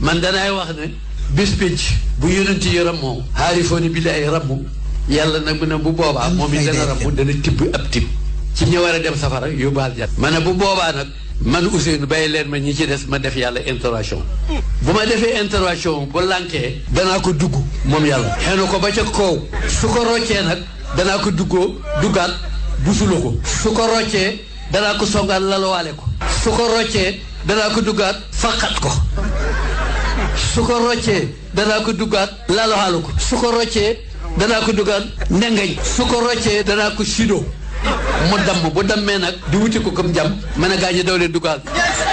man danaay wax ne bis pénc bu yonent yi rammoo xaarifooni bi lay ramm yàlla nag mu na bu boobaa moom it dana ramm dana tibb ab tibb ci ñi war a dem safara yóbbaal jat ma ne bu boobaa nag man Ousseynou bàyyi leen ma ñi ci des ma def yàlla intervention bu ma defee intervention bu lànkee danaa ko dugg moom yàlla xenu ko ba ca kaw su ko roccee nag danaa ko duggoo duggaat busula ko su ko roccee danaa ko songaat lalawaale ko su ko roccee danaa ko duggaat faqat ko su ko roccee danaa ko duggaat laalo xaalu ko su ko roccee danaa ko duggaat ndengeñ su ko roccee danaa ko sido mu damm bu dammee nag di wuti ko comme jàmm mën a gaañ a daw leen duggaat